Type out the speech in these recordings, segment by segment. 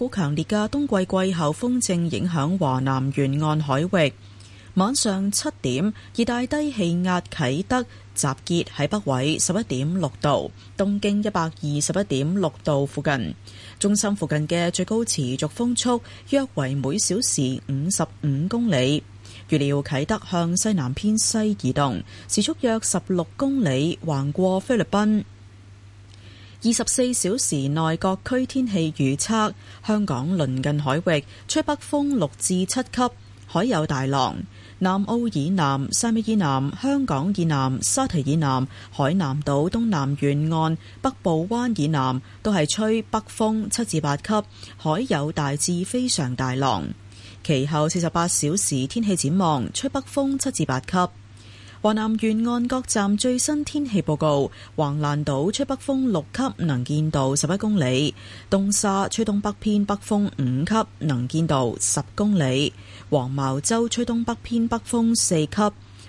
一股強烈嘅冬季季候風正影響華南沿岸海域。晚上七點，熱帶低氣壓啟德集結喺北緯十一點六度、東經一百二十一點六度附近。中心附近嘅最高持續風速約為每小時五十五公里。預料啟德向西南偏西移動，時速約十六公里，橫過菲律賓。二十四小時內各區天氣預測：香港鄰近海域吹北風六至七級，海有大浪；南澳以南、三亞以南、香港以南、沙堤以南、海南島東南沿岸、北部灣以南都係吹北風七至八級，海有大至非常大浪。其後四十八小時天氣展望：吹北風七至八級。華南沿岸各站最新天氣報告：橫瀾島吹北風六級，能見度十一公里；東沙吹東北偏北風五級，能見度十公里；黃茅洲吹東北偏北風四級；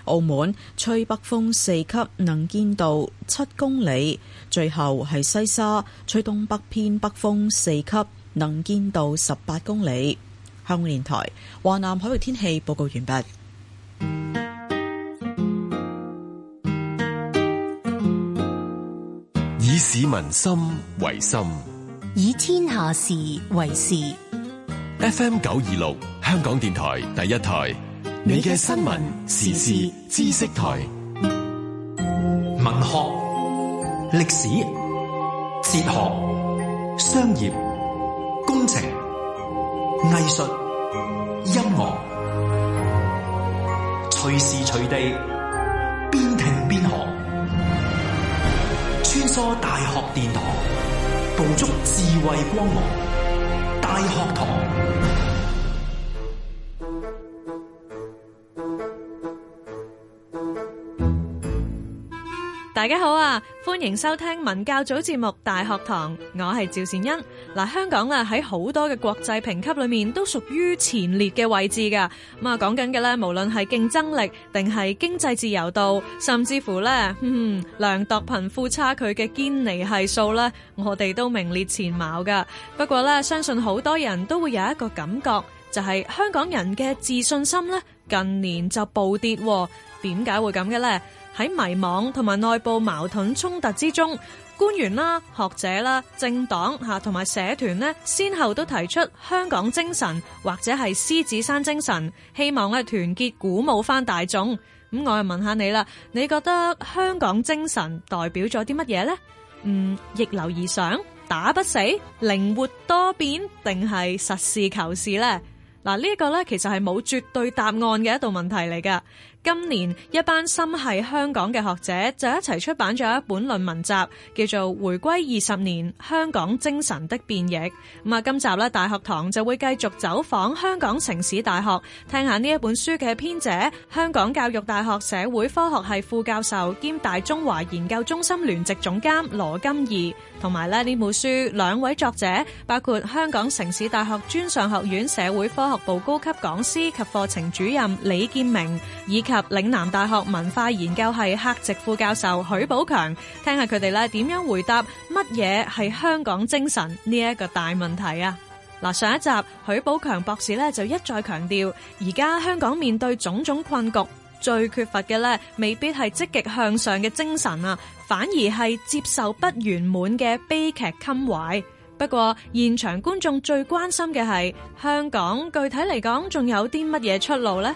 澳門吹北風四級，能見度七公里；最後係西沙吹東北偏北風四級，能見度十八公里。香港電台華南海域天氣報告完畢。市民心為心，以天下事為事。FM 九二六，香港電台第一台，你嘅新聞、時事、時事知識台、文學、歷史、哲學、商業、工程、藝術、音樂，隨時隨地。多大學殿堂，捕捉智慧光芒，大學堂。大家好啊，歡迎收聽文教組節目《大學堂》，我係趙善恩。嗱，香港啊喺好多嘅國際評級裏面都屬於前列嘅位置噶。咁啊，講緊嘅咧，無論係競爭力定係經濟自由度，甚至乎咧，嗯，量度貧富差距嘅堅尼係數咧，我哋都名列前茅噶。不過咧，相信好多人都會有一個感覺，就係、是、香港人嘅自信心咧，近年就暴跌。點解會咁嘅咧？喺迷茫同埋內部矛盾衝突之中，官員啦、學者啦、政黨吓同埋社團呢，先後都提出香港精神或者係獅子山精神，希望咧團結鼓舞翻大眾。咁我又問下你啦，你覺得香港精神代表咗啲乜嘢呢？嗯，逆流而上、打不死、靈活多變，定係實事求是呢？嗱，呢一個呢其實係冇絕對答案嘅一道問題嚟噶。今年一班心繫香港嘅學者就一齊出版咗一本論文集，叫做《回歸二十年香港精神的變易》。咁啊，今集咧大學堂就會繼續走訪香港城市大學，聽下呢一本書嘅編者，香港教育大學社會科學系副教授兼大中華研究中心聯席總監羅金義，同埋咧呢本書兩位作者，包括香港城市大學專上學院社會科學部高級講師及課程主任李建明，以及及嶺南大學文化研究系客席副，副教授許寶強，聽下佢哋咧，點樣回答乜嘢係香港精神呢一個大問題啊！嗱，上一集許寶強博士咧就一再強調，而家香港面對種種困局，最缺乏嘅咧未必係積極向上嘅精神啊，反而係接受不圓滿嘅悲劇襟懷。不過現場觀眾最關心嘅係香港具體嚟講，仲有啲乜嘢出路呢？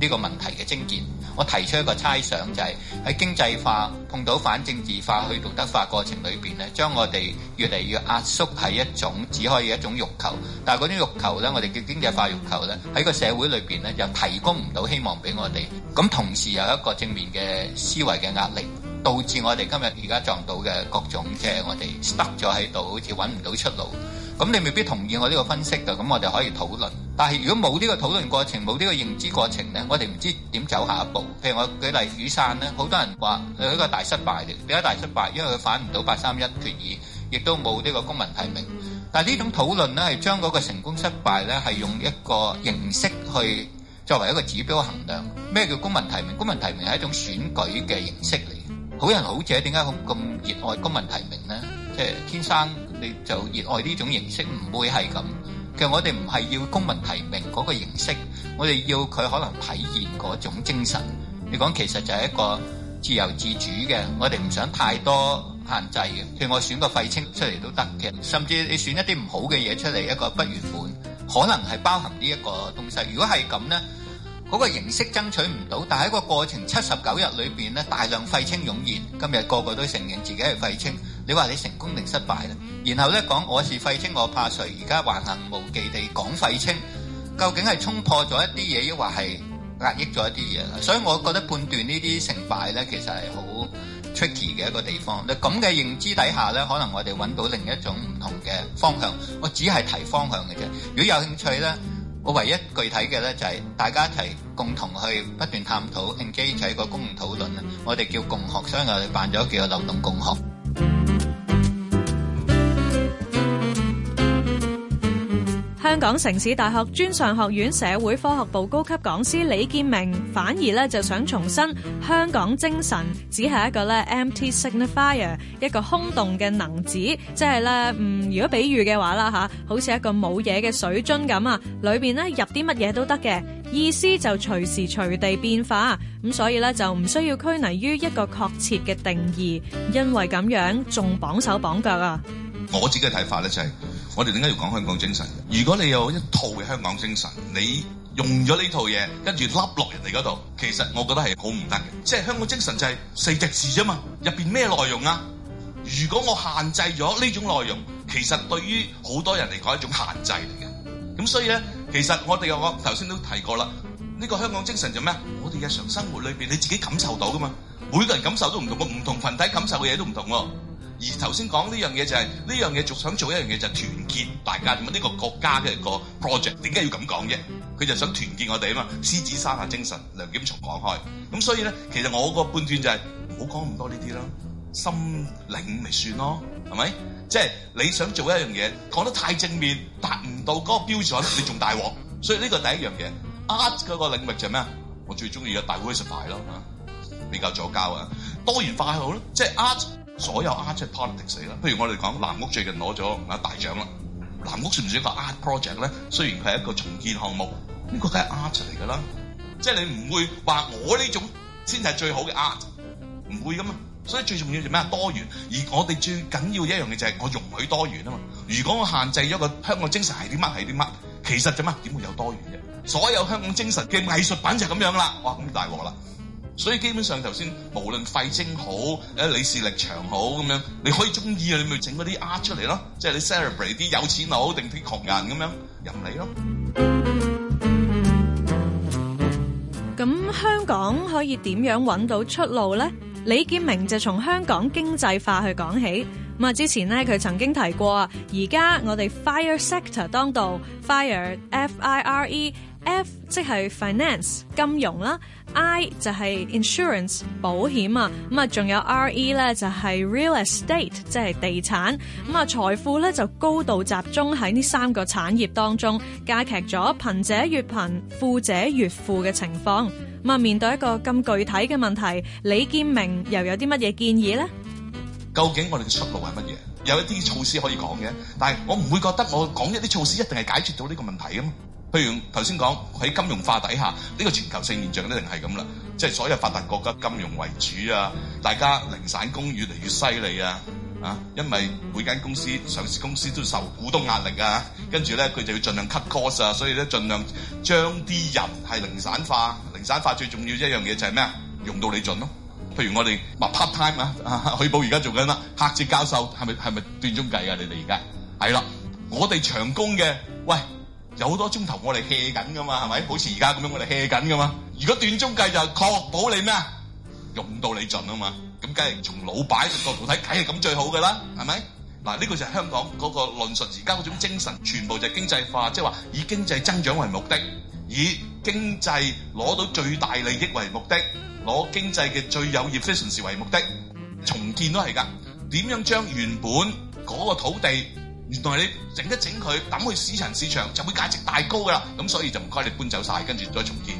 呢個問題嘅精鍵，我提出一個猜想就係喺經濟化碰到反政治化去道德化過程裏邊，咧，將我哋越嚟越壓縮係一種只可以一種欲求，但係嗰種慾求咧，我哋叫經濟化欲求咧，喺個社會裏邊咧又提供唔到希望俾我哋，咁同時有一個正面嘅思維嘅壓力，導致我哋今日而家撞到嘅各種即係我哋 stuck 咗喺度，好似揾唔到出路。咁你未必同意我呢個分析嘅，咁我哋可以討論。但係如果冇呢個討論過程，冇呢個認知過程呢，我哋唔知點走下一步。譬如我舉例雨傘呢，好多人話佢係一個大失敗嚟，點解大失敗？因為佢反唔到八三一決議，亦都冇呢個公民提名。但係呢種討論呢，係將嗰個成功失敗呢，係用一個形式去作為一個指標衡量。咩叫公民提名？公民提名係一種選舉嘅形式嚟。好人好者點解咁咁熱愛公民提名呢？即係天生。你就熱愛呢種形式唔會係咁，其實我哋唔係要公民提名嗰個形式，我哋要佢可能體現嗰種精神。你講其實就係一個自由自主嘅，我哋唔想太多限制嘅。譬如我選個廢青出嚟都得嘅，甚至你選一啲唔好嘅嘢出嚟一個不願款，可能係包含呢一個東西。如果係咁呢，嗰個形式爭取唔到，但喺個過程七十九日裏面呢，大量廢青湧現，今日個個都承認自己係廢青。你話你成功定失敗咧？然後咧講我是廢青，我怕誰？而家橫行無忌地講廢青，究竟係衝破咗一啲嘢，抑或係壓抑咗一啲嘢啦？所以我覺得判斷呢啲成敗咧，其實係好 tricky 嘅一個地方。咁嘅認知底下咧，可能我哋揾到另一種唔同嘅方向。我只係提方向嘅啫。如果有興趣咧，我唯一具體嘅咧就係、是、大家一齊共同去不斷探討，建基喺個公共討論啊。我哋叫共學，所以我哋辦咗幾個流動共學。香港城市大學專上學院社會科學部高級講師李建明，反而咧就想重申，香港精神只係一個咧 empty signifier，一個空洞嘅能指，即係咧，嗯，如果比喻嘅話啦吓，好似一個冇嘢嘅水樽咁啊，裏邊咧入啲乜嘢都得嘅，意思就隨時隨地變化，咁所以咧就唔需要拘泥於一個確切嘅定義，因為咁樣仲綁手綁腳啊！我自己嘅睇法咧就係。我哋點解要講香港精神？如果你有一套嘅香港精神，你用咗呢套嘢，跟住笠落人哋嗰度，其實我覺得係好唔得嘅。即係香港精神就係四隻字啫嘛，入面咩內容啊？如果我限制咗呢種內容，其實對於好多人嚟講係一種限制嚟嘅。咁所以咧，其實我哋又講頭先都提過啦，呢個香港精神就咩？我哋日常生活裏面，你自己感受到噶嘛，每個人感受都唔同，個唔同群體感受嘅嘢都唔同喎啊。而頭先講呢樣嘢就係呢樣嘢，仲想做一樣嘢就係團結大家點呢、呢個國家嘅一個 project 點解要咁講啫？佢就想團結我哋啊嘛！獅子山下精神，梁錦松講開咁，所以咧，其實我個判斷就係唔好講咁多呢啲啦，心領咪算咯，係咪？即係你想做一樣嘢，講得太正面，達唔到嗰個標準，你仲大鑊。 所以呢個第一樣嘢，art 嗰個領域就係咩啊？我最中意嘅大衆化咯，比較左膠啊，多元化好咯，即係 art。所有 art project 死啦！譬如我哋講南屋最近攞咗啊大獎啦！南屋算唔算一個 art project 咧？雖然佢係一個重建項目，呢個梗係 art 出嚟噶啦！即係你唔會話我呢種先係最好嘅 art，唔會噶嘛！所以最重要就咩？多元！而我哋最緊要的一樣嘢就係我容許多元啊嘛！如果我限制咗一個香港精神係啲乜係啲乜，其實啫嘛點會有多元啫？所有香港精神嘅藝術品就咁樣啦！哇咁大鑊啦！所以基本上頭先，無論廢青好，誒李氏力場好咁樣，你可以中意啊，你咪整嗰啲 art 出嚟咯，即係你 celebrate 啲有錢佬定啲窮人咁樣，任你咯。咁香港可以點樣揾到出路咧？李建明就從香港經濟化去講起。咁啊，之前咧佢曾經提過啊，而家我哋 fire sector 當道，fire f i r e。F 即係 finance 金融啦，I 就係 insurance 保險啊，咁啊仲有 RE 咧就係 real estate 即係地產，咁啊財富咧就高度集中喺呢三個產業當中，加劇咗貧者越貧、富者越富嘅情況。咁啊面對一個咁具體嘅問題，李建明又有啲乜嘢建議咧？究竟我哋嘅出路係乜嘢？有一啲措施可以講嘅，但係我唔會覺得我講一啲措施一定係解決到呢個問題啊嘛。譬如頭先講喺金融化底下，呢、這個全球性現象一定係咁啦，即係所有發達國家金融為主啊，大家零散工越嚟越犀利啊，啊，因為每間公司上市公司都受股東壓力啊，跟住咧佢就要盡量 cut cost 啊，所以咧盡量將啲人係零散化，零散化最重要一樣嘢就係咩啊？用到你盡咯。譬如我哋咪、啊、part time 啊，啊去寶而家做緊啦，客席教授係咪係咪段中計啊？你哋而家係啦，我哋長工嘅喂。有好多鐘頭我哋 hea 緊噶嘛，係咪？好似而家咁樣我哋 hea 緊噶嘛。如果斷鐘計就確保你咩啊，用到你盡啊嘛。咁梗係從老闆角度睇梗係咁最好噶啦，係咪？嗱，呢個就係香港嗰個論述而家嗰種精神，全部就係經濟化，即係話以經濟增長為目的，以經濟攞到最大利益為目的，攞經濟嘅最有 efficiency 為目的，重建都係噶。點樣將原本嗰個土地？原來你整一整佢，抌去市場市場就會價值大高噶啦，咁所以就唔該你搬走曬，跟住再重建，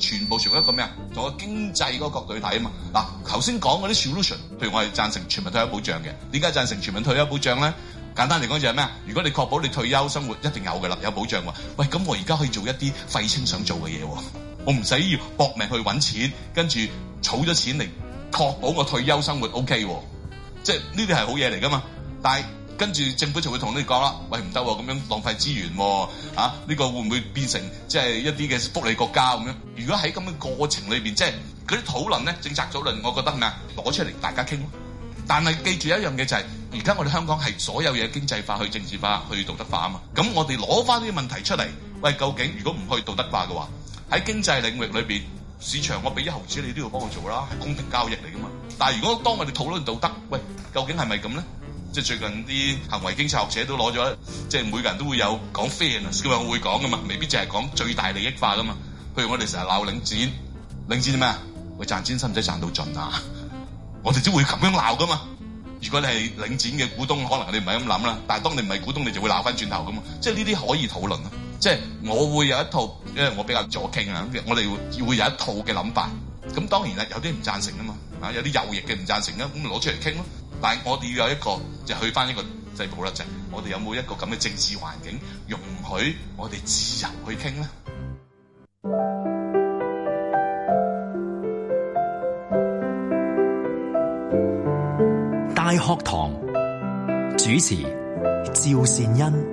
全部從一個咩啊？從個經濟嗰個角度去睇啊嘛。嗱，頭先講嗰啲 solution，譬如我係贊成全民退休保障嘅，點解贊成全民退休保障咧？簡單嚟講就係咩啊？如果你確保你退休生活一定有噶啦，有保障喎，喂，咁我而家可以做一啲廢青想做嘅嘢喎，我唔使要搏命去揾錢，跟住儲咗錢嚟確保我退休生活 OK 喎，即係呢啲係好嘢嚟噶嘛，但係跟住政府就會同你講啦，喂，唔得喎，咁樣浪費資源喎，呢、啊呢個會唔會變成即係、就是、一啲嘅福利國家咁樣？如果喺咁嘅過程裏面，即係嗰啲討論咧、政策討論，我覺得咩啊？攞出嚟大家傾囉。但係記住一樣嘢就係、是，而家我哋香港係所有嘢經濟化、去政治化、去道德化啊嘛。咁我哋攞翻啲問題出嚟，喂，究竟如果唔去道德化嘅話，喺經濟領域裏邊市場，我俾一毫子你都要幫我做啦，係公平交易嚟噶嘛。但係如果當我哋討論道德，喂，究竟係咪咁咧？即係最近啲行為經濟學者都攞咗，即係每個人都會有講 fairness，我會講噶嘛，未必淨係講最大利益化噶嘛。譬如我哋成日鬧領展，領展咩啊？佢賺錢使唔使賺到盡啊？ 我哋只會咁樣鬧噶嘛。如果你係領展嘅股東，可能你唔係咁諗啦。但係當你唔係股東，你就會鬧翻轉頭噶嘛。即係呢啲可以討論啊，即係我會有一套，因為我比較左傾啊，我哋會有一套嘅諗法。咁當然啦，有啲唔贊成啊嘛，啊有啲右翼嘅唔贊成啊，咁攞出嚟傾咯。但我哋要有一個就去翻一個制度啦，就我哋有冇一個咁嘅政治環境容許我哋自由去傾呢？大學堂主持趙善恩，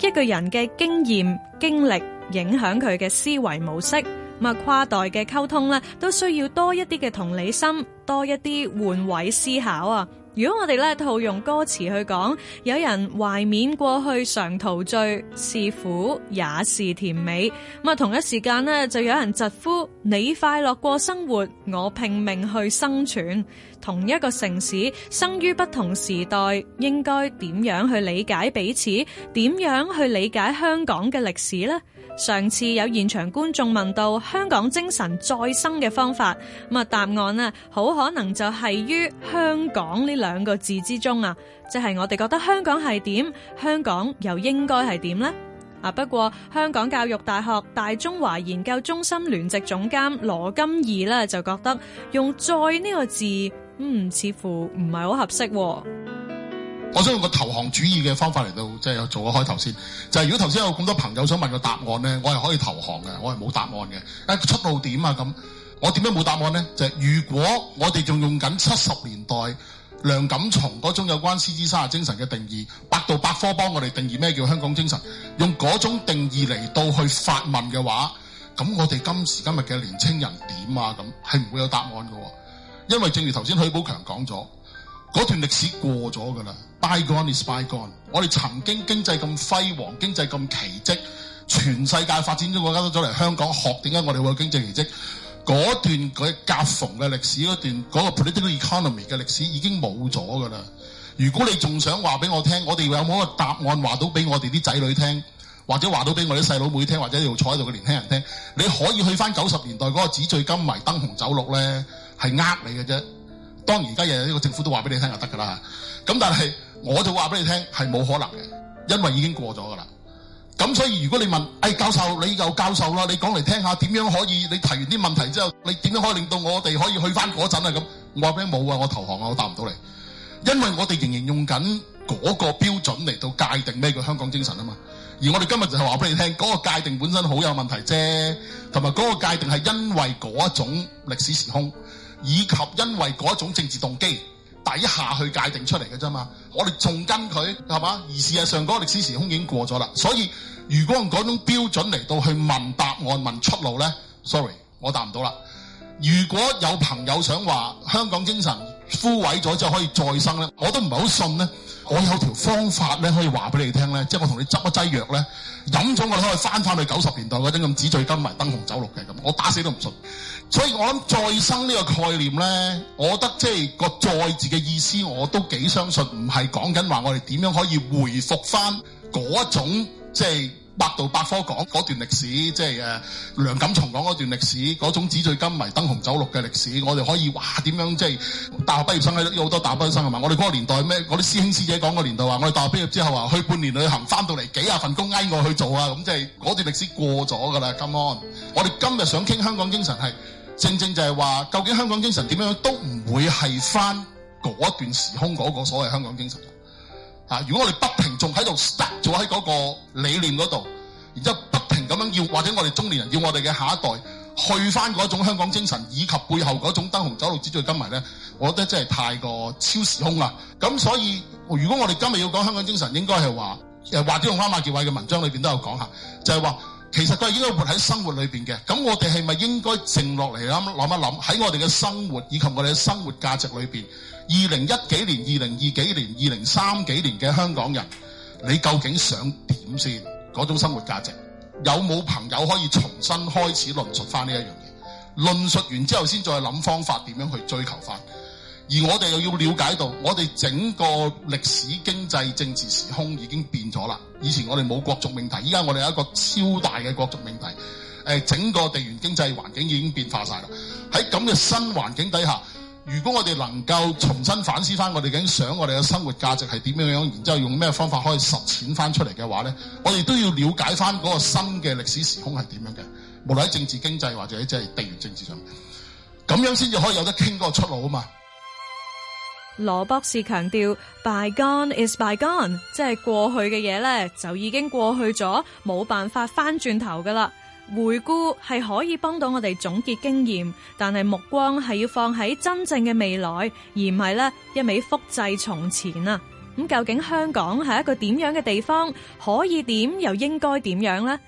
一個人嘅經驗經歷影響佢嘅思維模式。咁啊，跨代嘅溝通咧，都需要多一啲嘅同理心，多一啲換位思考啊！如果我哋咧套用歌詞去講，有人懷緬過去常陶醉，是苦也是甜美。咁啊，同一時間呢，就有人疾呼：你快樂過生活，我拼命去生存。同一個城市，生於不同時代，應該點樣去理解彼此？點樣去理解香港嘅歷史呢？上次有現場觀眾問到香港精神再生嘅方法，咁啊答案好可能就係於香港呢兩個字之中啊，即係我哋覺得香港係點，香港又應該係點呢？啊，不過香港教育大學大中華研究中心聯席總監羅金義咧就覺得用再呢、呢個字，嗯似乎唔係好合適。我想用個投降主義嘅方法嚟到，即係做個開頭先。就係如果頭先有咁多朋友想問個答案呢，我係可以投降嘅，我係冇答案嘅。啊，出路點啊咁？我點解冇答案呢？就係如果我哋仲用緊七十年代梁錦松嗰種有關獅子山精神嘅定義，百度百科幫我哋定義咩叫香港精神，用嗰種定義嚟到去發問嘅話，咁我哋今時今日嘅年青人點啊咁，係唔會有答案噶。因為正如頭先許寶強講咗，嗰段歷史過咗噶啦。Bygone is bygone。我哋曾經經濟咁輝煌，經濟咁奇蹟，全世界發展中國家都走嚟香港學，點解我哋會有經濟奇蹟？嗰段佢夾縫嘅歷史，嗰段嗰個 political economy 嘅歷史已經冇咗㗎啦。如果你仲想話俾我聽，我哋有冇一個答案話到俾我哋啲仔女聽，或者話到俾我哋啲細佬妹聽，或者要坐喺度嘅年輕人聽，你可以去翻九十年代嗰個紙醉金迷、燈紅酒綠咧，係呃你嘅啫。當然而家日日呢個政府都話俾你聽就得㗎啦。咁但係。我就話俾你聽，係冇可能嘅，因為已經過咗㗎啦。咁所以如果你問，誒、哎、教授，你就教授啦，你講嚟聽下點樣可以？你提完啲問題之後，你點樣可以令到我哋可以去返嗰陣啊？咁我話俾你冇啊，我投降啊，我答唔到你，因為我哋仍然用緊嗰個標準嚟到界定呢個香港精神啊嘛。而我哋今日就係話俾你聽，嗰、那個界定本身好有問題啫，同埋嗰個界定係因為嗰一種歷史時空，以及因為嗰一種政治動機底下去界定出嚟嘅啫嘛。我哋仲跟佢係嘛？而事實上嗰個歷史時空已經過咗啦，所以如果用嗰種標準嚟到去問，答案問出路呢，Sorry，我答唔到啦。如果有朋友想話香港精神枯萎咗之後可以再生呢，我都唔係好信呢。我有條方法咧，可以話俾你哋聽咧，即係我同你執一劑藥咧，飲咗我都可以翻返去九十年代嗰陣咁，紙醉金迷、燈紅酒綠嘅咁，我打死都唔信。所以我諗再生呢個概念咧，我覺得即係個再字嘅意思，我都幾相信，唔係講緊話我哋點樣可以回復翻嗰種即係。百度百科講嗰段歷史，即係梁錦松講嗰段歷史，嗰種紙醉金迷、燈紅酒綠嘅歷史，我哋可以話點樣？即係大學畢業生咧，有好多大學畢業生係咪？我哋嗰個年代咩？我啲師兄師姐講嗰年代話，我哋大學畢業之後話，去半年旅行翻到嚟幾廿份工挨我去做啊，咁即係嗰段歷史過咗㗎啦。今晚我哋今日想傾香港精神係，正正就係話究竟香港精神點樣都唔會係翻嗰段時空嗰個所謂香港精神。啊！如果我哋不停仲喺度 stack 咗喺嗰個理念嗰度，然之後不停咁樣要，或者我哋中年人要我哋嘅下一代去翻嗰種香港精神，以及背後嗰種燈紅酒綠紙醉金迷咧，我覺得真係太過超時空啦！咁所以，如果我哋今日要講香港精神，應該係話，誒、呃，或者用翻馬傑偉嘅文章裏邊都有講下，就係、是、話其實佢係應該活喺生活裏邊嘅。咁我哋係咪應該靜落嚟諗一諗，喺我哋嘅生活以及我哋嘅生活價值裏邊。二零一幾年、二零二幾年、二零三幾年嘅香港人，你究竟想點先？嗰種生活價值有冇朋友可以重新開始論述翻呢一樣嘢？論述完之後先再諗方法點樣去追求翻。而我哋又要了解到，我哋整個歷史、經濟、政治時空已經變咗啦。以前我哋冇國族命題，依家我哋有一個超大嘅國族命題。誒，整個地緣經濟環境已經變化晒啦。喺咁嘅新環境底下。如果我哋能夠重新反思翻我哋究竟想我哋嘅生活價值係點樣樣，然之後用咩方法可以實踐翻出嚟嘅話咧，我哋都要了解翻嗰個新嘅歷史時空係點樣嘅，無論喺政治經濟或者即係地緣政治上，咁樣先至可以有得傾嗰個出路啊嘛。羅博士強調，Bygone is bygone，即係過去嘅嘢咧，就已經過去咗，冇辦法翻轉頭噶啦。回顧係可以幫到我哋總結經驗，但係目光係要放喺真正嘅未來，而唔係呢一味複製從前啊！咁究竟香港係一個點樣嘅地方？可以點？又應該點樣呢？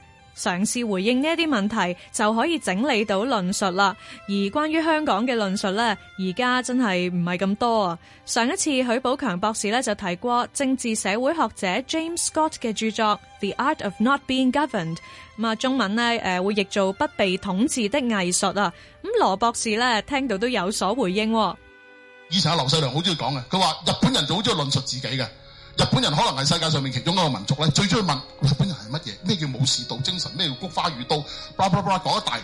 嘗試回應呢一啲問題，就可以整理到論述啦。而關於香港嘅論述咧，而家真係唔係咁多啊。上一次許寶強博士咧就提過政治社會學者 James Scott 嘅著作《The Art of Not Being Governed》，咁啊中文咧誒會譯做不被統治的藝術啊。咁羅博士咧聽到都有所回應。以前阿劉細良好中意講嘅，佢話日本人就好中意論述自己嘅。日本人可能係世界上面其中一個民族咧，最中意問日本人係乜嘢？咩叫武士道精神？咩叫菊花與刀？叭叭叭講一大，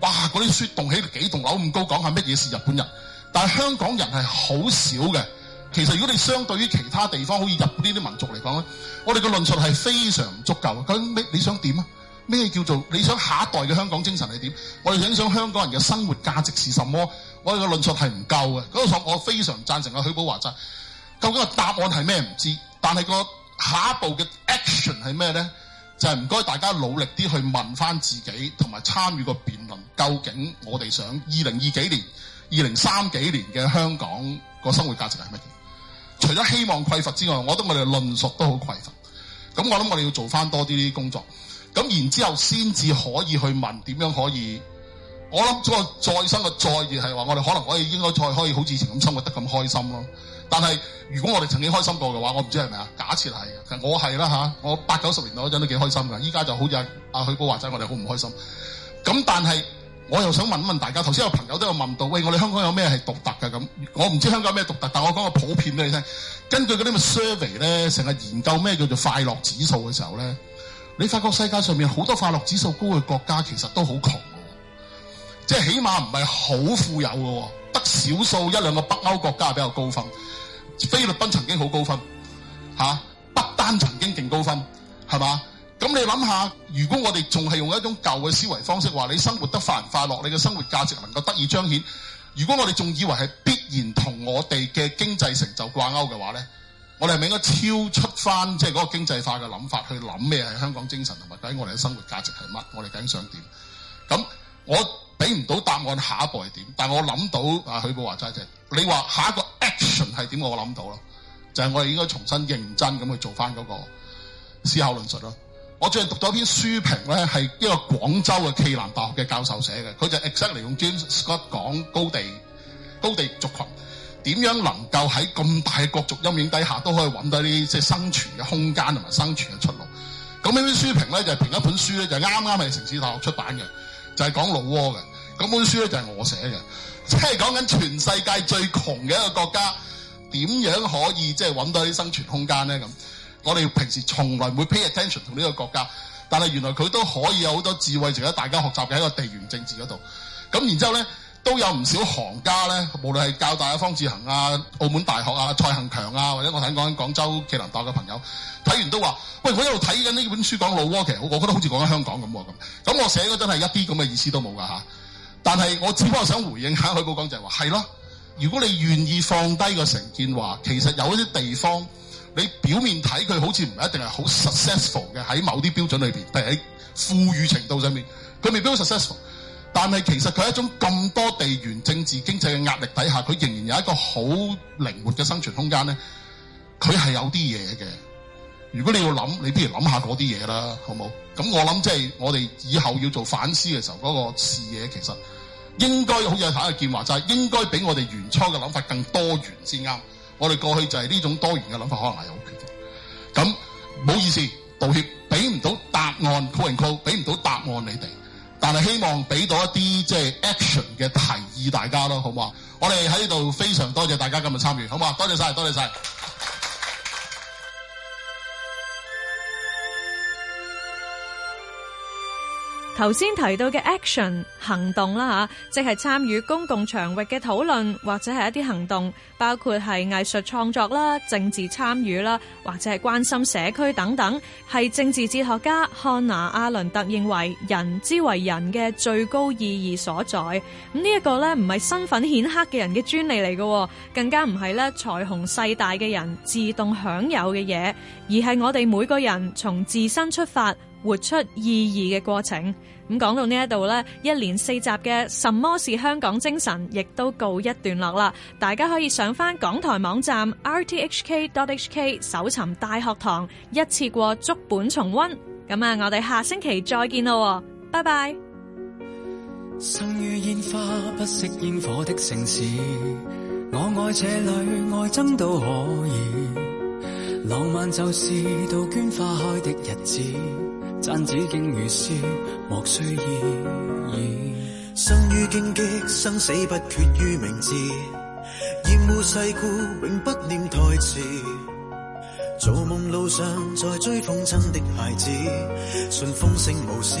哇！嗰啲書棟起幾棟樓咁高，講下乜嘢是日本人？但係香港人係好少嘅。其實如果你相對於其他地方，好似日本呢啲民族嚟講咧，我哋嘅論述係非常唔足夠。究竟咩你想點啊？咩叫做你想下一代嘅香港精神係點？我哋想想香港人嘅生活價值是什麼？我哋嘅論述係唔夠嘅。嗰個我非常贊成阿許寶華澤。究竟個答案係咩唔知？但係個下一步嘅 action 係咩呢？就係唔該大家努力啲去問翻自己，同埋參與個辯論。究竟我哋想二零二幾年、二零三幾年嘅香港個生活價值係乜嘢？除咗希望匱乏之外，我覺得我哋論述都好匱乏。咁我諗我哋要做翻多啲啲工作。咁然之後先至可以去問點樣可以。我諗咗個再生嘅再，係話我哋可能可以應該再可以好似以前咁生活得咁開心咯。但係，如果我哋曾經開心過嘅話，我唔知係咪啊？假設係，我係啦吓，我八九十年代嗰陣都幾開心㗎。依家就好似阿阿許哥話齋，我哋好唔開心。咁但係，我又想問一問大家，頭先有朋友都有問到，喂，我哋香港有咩係獨特㗎？咁，我唔知香港有咩獨特，但我講個普遍畀你聽，根據嗰啲咪 survey 咧，成日研究咩叫做快樂指數嘅時候咧，你發覺世界上面好多快樂指數高嘅國家，其實都好窮，即係起碼唔係好富有嘅，得少數一兩個北歐國家係比較高分。菲律賓曾經好高分，不單曾經勁高分，係嘛？咁你諗下，如果我哋仲係用一種舊嘅思維方式話，你生活得快唔快樂，你嘅生活價值能夠得以彰顯；如果我哋仲以為係必然同我哋嘅經濟成就掛鈎嘅話呢，我哋係咪應該超出翻，即係嗰個經濟化嘅諗法去諗咩係香港精神，同埋睇我哋嘅生活價值係乜？我哋究竟想點？咁我。俾唔到答案，下一步係點？但係我諗到啊，許寶華話齋，你話下一個 action 係點？我諗到咯，就係、是、我哋應該重新認真咁去做翻嗰個思考論述咯。我最近讀到一篇書評咧，係一個廣州嘅暨南大學嘅教授寫嘅，佢就 exactly 用 James Scott 講高地，高地族群點樣能夠喺咁大嘅國族陰影底下都可以揾到啲即係生存嘅空間同埋生存嘅出路。咁呢篇書評咧就係、是、評一本書咧，就啱啱係城市大學出版嘅，就係、是、講老撾嘅。咁本書咧就係我寫嘅，即係講緊全世界最窮嘅一個國家點樣可以即係揾到啲生存空間咧咁。我哋平時從來唔會 pay attention 同呢個國家，但係原來佢都可以有好多智慧，值得大家學習嘅一個地緣政治嗰度。咁然之後咧都有唔少行家咧，無論係教大嘅方志恒啊、澳門大學啊、蔡恒強啊，或者我睇緊廣州暨南大學嘅朋友睇完都話：喂，我一路睇緊呢本書講老撾，其實我覺得好似講緊香港咁咁啊。咁我寫嘅真係一啲咁嘅意思都冇㗎嚇。但係我只不過想回應一下佢，寶剛就係話，係咯，如果你願意放低個成見話，其實有一啲地方你表面睇佢好似唔係一定係好 successful 嘅喺某啲標準裏邊，但喺富裕程度上面佢未必好 successful。但係其實佢喺一種咁多地緣政治經濟嘅壓力底下，佢仍然有一個好靈活嘅生存空間咧。佢係有啲嘢嘅。如果你要諗，你不如諗下嗰啲嘢啦，好冇好？咁我諗即係我哋以後要做反思嘅時候，嗰、嗰個視野其實。應該好有睇嘅見話就係、是、應該比我哋原初嘅諗法更多元先啱，我哋過去就係呢種多元嘅諗法可能係好缺，咁、嗯、唔好意思道歉，俾唔到答案 call call，俾唔到答案你哋，但係希望俾到一啲即係 action 嘅提議大家咯，好唔好？我哋喺呢度非常多謝大家今日參與，好唔好？多謝晒，多謝晒。頭先提到嘅 action 行動啦吓，即係參與公共場域嘅討論或者係一啲行動，包括係藝術創作啦、政治參與啦，或者係關心社區等等，係政治哲學家漢娜阿倫特認為人之為人嘅最高意義所在。咁呢一個咧唔係身份顯赫嘅人嘅專利嚟嘅，更加唔係咧財雄勢大嘅人自動享有嘅嘢，而係我哋每個人從自身出發。活出意義嘅過程。咁講到呢一度呢一連四集嘅《什麼是香港精神》亦都告一段落啦。大家可以上翻港台網站 rthk.hk 搜尋大學堂，一次過足本重温。咁啊，我哋下星期再見咯，拜拜。生於煙花不食煙火的城市，我愛這裏，愛憎都可以。浪漫就是杜鵑花開的日子。讚紫荊如詩，莫須意。生於荊棘，生死不決於名字。厭惡世故，永不念台詞。做夢路上，再追風箏的孩子，順風聲無事，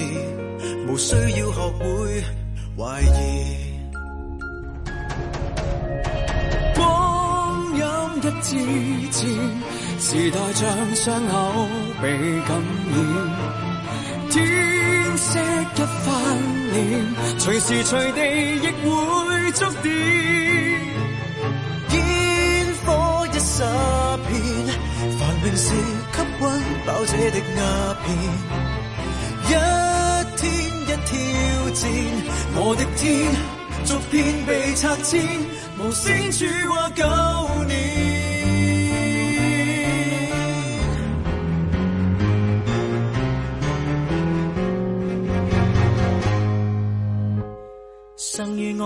無需要學會懷疑。光陰一節節，時代像傷口被感染。天色一翻臉，隨時隨地亦會觸電。煙火一剎片，繁榮是吸溫飽者的鴉片。一天一挑戰，我的天，逐片被拆遷，無聲處話舊年。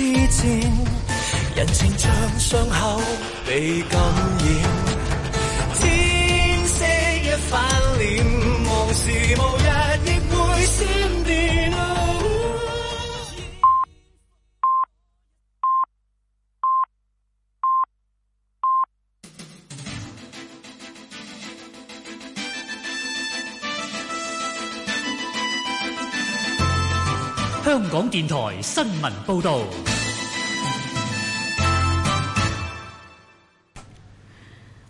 之前，人情像傷口被感染，天色一翻臉，望時無一。電台新聞報道。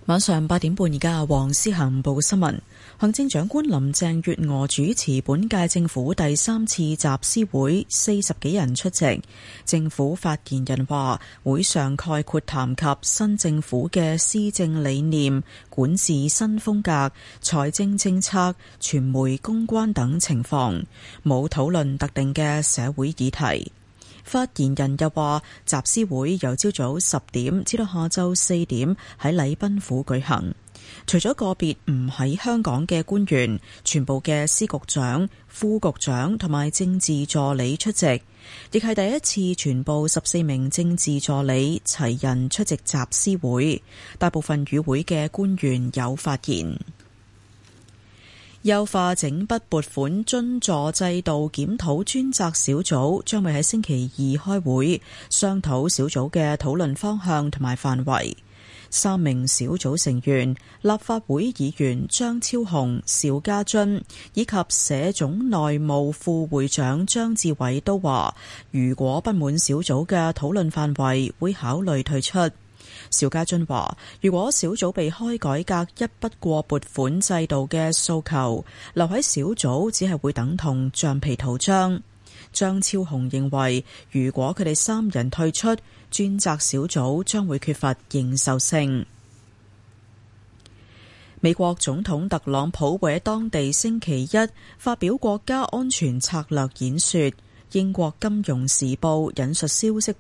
晚上八點半，而家黃思恒報新聞，行政長官林鄭月娥主持本屆政府第三次集思會，四十幾人出席。政府發言人話，會上概括談及新政府嘅施政理念、管治新風格、財政政策、傳媒公關等情況，冇討論特定嘅社會議題。發言人又話，集思會由朝早十點至到下晝四點喺禮賓府舉行。除咗個別唔喺香港嘅官員，全部嘅司局長、副局長同埋政治助理出席，亦係第一次全部十四名政治助理齊人出席集思會。大部分與會嘅官員有發言。優化整筆撥款津助制度檢討專責小組將會喺星期二開會，商討小組嘅討論方向同埋範圍。三名小組成員、立法會議員張超雄、邵家臻以及社總內務副會長張志偉都話，如果不滿小組嘅討論範圍，會考慮退出。邵家俊話：如果小組避開改革一筆過撥款制度嘅訴求，留喺小組只係會等同橡皮圖章。張超雄認為，如果佢哋三人退出，專責小組將會缺乏認受性。美國總統特朗普會喺當地星期一發表國家安全策略演說。英國金融時報引述消息報。